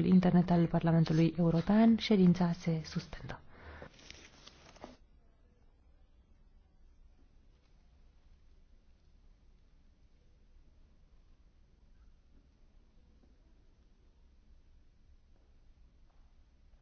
internet al Parlamentului European. Ședința se suspendă.